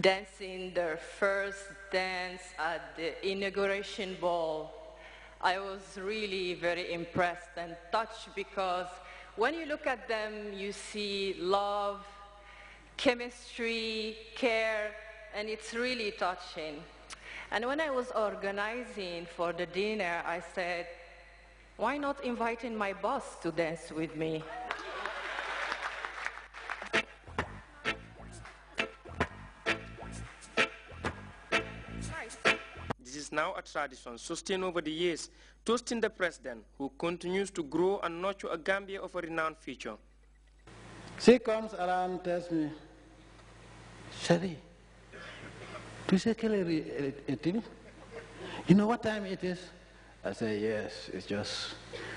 dancing their first dance at the inauguration ball. I was really very impressed and touched because when you look at them, you see love, chemistry, care, and it's really touching. And when I was organizing for the dinner, I said, why not inviting my boss to dance with me? now a tradition sustained over the years, toasting the president who continues to grow and nurture a Gambia of a renowned future. She comes around tells me, Sherry, do you say Kelly You know what time it is? I say, yes, it's just,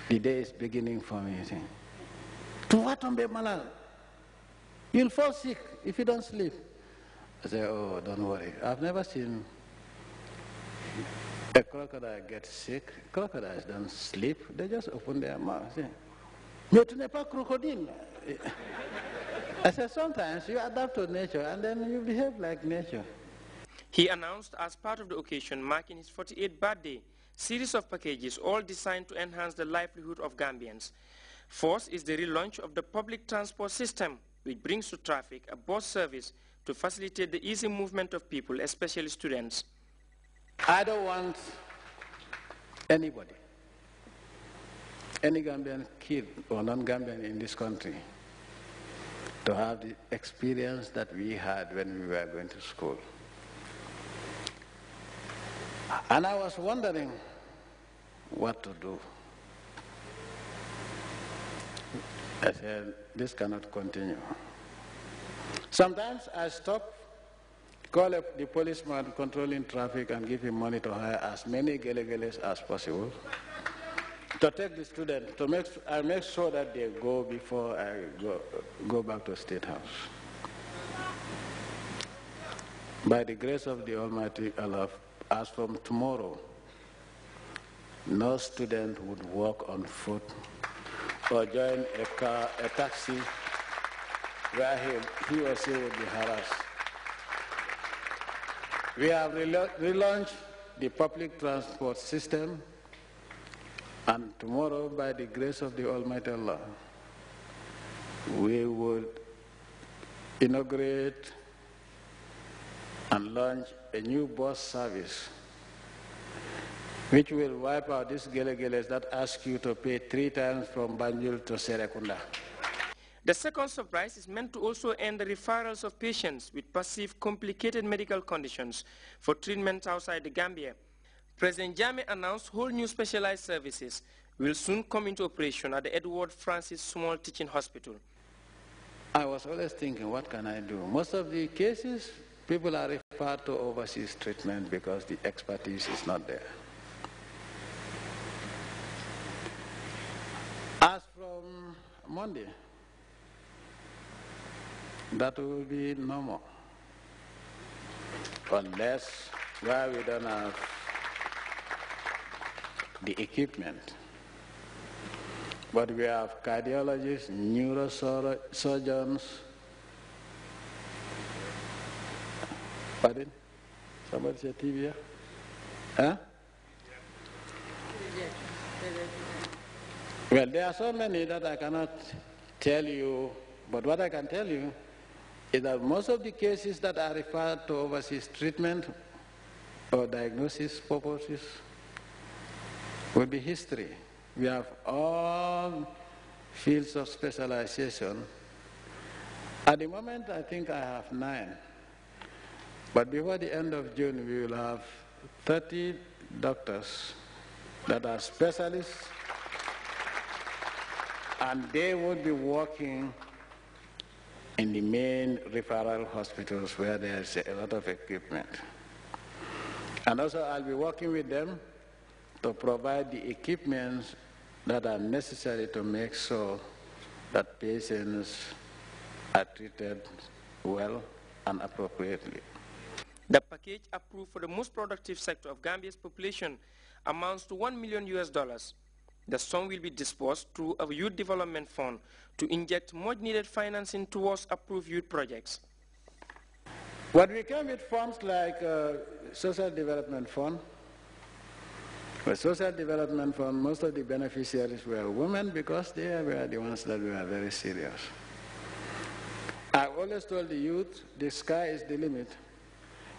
the day is beginning for me. To what on Malal? You'll fall sick if you don't sleep. I say, oh, don't worry. I've never seen a crocodile gets sick. Crocodiles don't sleep. They just open their mouths. Yeah. Mais tu n'es crocodile. I said, sometimes you adapt to nature and then you behave like nature. He announced as part of the occasion marking his 48th birthday, series of packages all designed to enhance the livelihood of Gambians. First is the relaunch of the public transport system, which brings to traffic a bus service to facilitate the easy movement of people, especially students. I don't want anybody, any Gambian kid or non-Gambian in this country to have the experience that we had when we were going to school. And I was wondering what to do. I said, this cannot continue. Sometimes I stop Call up the policeman controlling traffic and give him money to hire as many gelegeles as possible to take the students to make I make sure that they go before I go go back to State House. By the grace of the Almighty Allah, as from tomorrow, no student would walk on foot or join a car, a taxi, where he, he or she would be harassed. We have relaunched the public transport system and tomorrow, by the grace of the Almighty Allah, we will inaugurate and launch a new bus service which will wipe out these gele that ask you to pay three times from Banjul to Serekunda. The second surprise is meant to also end the referrals of patients with perceived complicated medical conditions for treatment outside the Gambia. President Jame announced whole new specialized services will soon come into operation at the Edward Francis Small Teaching Hospital. I was always thinking, what can I do? Most of the cases, people are referred to overseas treatment because the expertise is not there. As from Monday, that will be no more. Unless where we don't have the equipment. But we have cardiologists, neurosurgeons. Pardon? Somebody said TV? Huh? Well, there are so many that I cannot tell you, but what I can tell you is that most of the cases that are referred to overseas treatment or diagnosis purposes will be history. We have all fields of specialization. At the moment, I think I have nine. But before the end of June, we will have 30 doctors that are specialists, and they will be working in the main referral hospitals where there's a lot of equipment. And also I'll be working with them to provide the equipment that are necessary to make sure that patients are treated well and appropriately. The package approved for the most productive sector of Gambia's population amounts to 1 million US dollars the sum will be dispersed through a youth development fund to inject much needed financing towards approved youth projects. When we came with funds like uh, Social Development Fund, the Social Development Fund, most of the beneficiaries were women because they were the ones that were very serious. I always told the youth, the sky is the limit,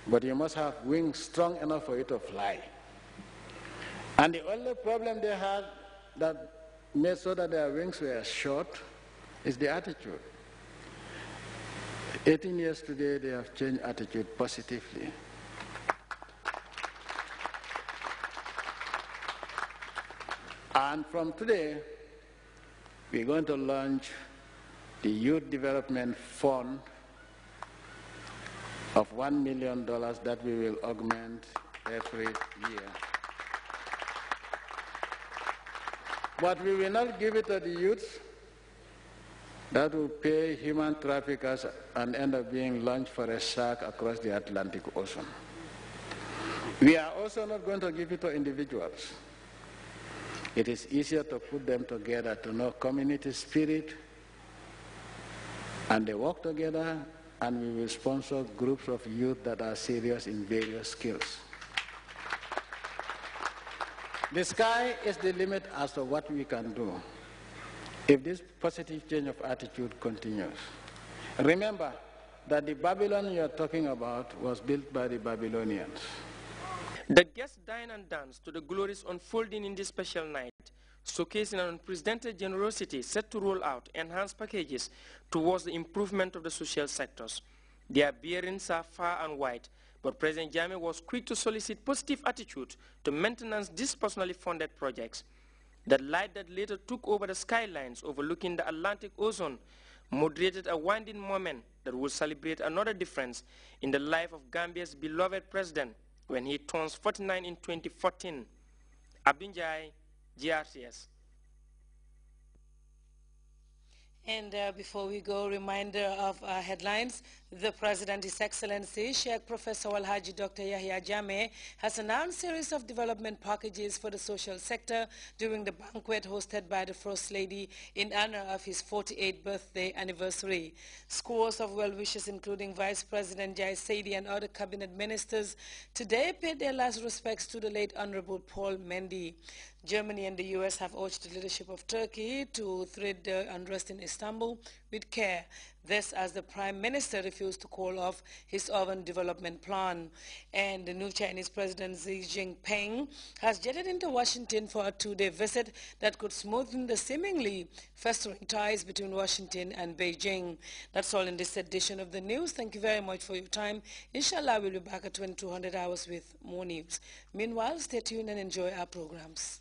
but you must have wings strong enough for you to fly. And the only problem they had that made so that their wings were short is the attitude. 18 years today, they have changed attitude positively. And from today, we're going to launch the Youth Development Fund of $1 million that we will augment every year. But we will not give it to the youths. That will pay human traffickers and end up being launched for a shark across the Atlantic Ocean. We are also not going to give it to individuals. It is easier to put them together to know community spirit and they work together and we will sponsor groups of youth that are serious in various skills. The sky is the limit as to what we can do if this positive change of attitude continues. Remember that the Babylon you are talking about was built by the Babylonians. The guests dine and dance to the glories unfolding in this special night, showcasing an unprecedented generosity set to roll out enhanced packages towards the improvement of the social sectors. Their bearings are far and wide, but President Jammeh was quick to solicit positive attitude to maintenance these personally funded projects. The light that later took over the skylines overlooking the Atlantic Ocean moderated a winding moment that will celebrate another difference in the life of Gambia's beloved president when he turns 49 in 2014. Abinjai, GRCS. And uh, before we go, reminder of our headlines. The President, His Excellency Sheikh Professor Walhaji Dr. Yahya Jameh has announced series of development packages for the social sector during the banquet hosted by the First Lady in honor of his 48th birthday anniversary. Scores of well wishers including Vice President Jai Saidi and other cabinet ministers, today paid their last respects to the late Honorable Paul Mendy. Germany and the US have urged the leadership of Turkey to thread the unrest in Istanbul with care. This as the prime minister refused to call off his urban development plan. And the new Chinese president Xi Jinping has jetted into Washington for a two-day visit that could smoothen the seemingly festering ties between Washington and Beijing. That's all in this edition of the news. Thank you very much for your time. Inshallah, we'll be back at 2200 hours with more news. Meanwhile, stay tuned and enjoy our programs.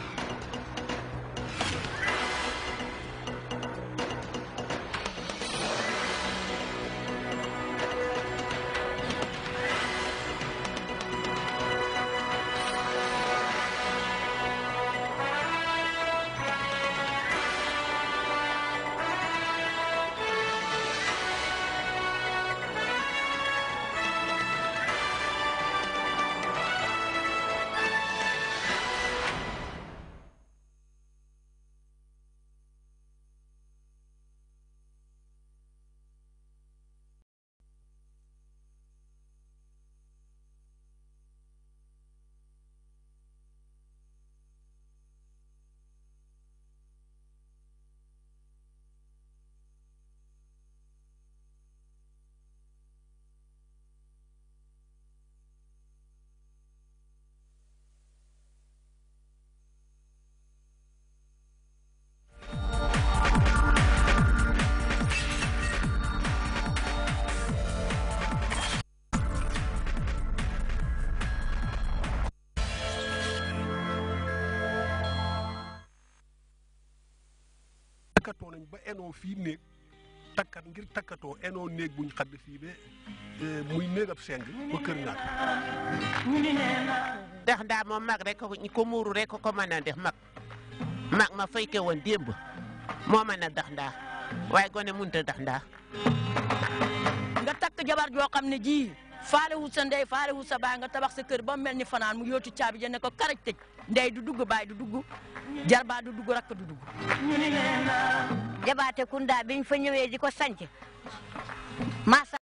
to nañ ba enoo fii néeg takkat ngir takkatoo enoo néeg buñ xadd fii be muy néeg ab seng ba kër ndaa moom mag rek ko muuru rek ko mën a def mag mag ma fay ke woon démb moo mën a dax ndaa waaye gone mënut a dax ndaa nga takk jabar joo xam ne ji faale wut sa ndey faale wut sa baay nga tabax sa kër ba mel ni fanaan mu yootu caabi ja ne ko karaj tëj ndey du dugg baay du dugg jarbaa du dugg rakk du dugg jabaate biñ fa ñëwee di ko sanc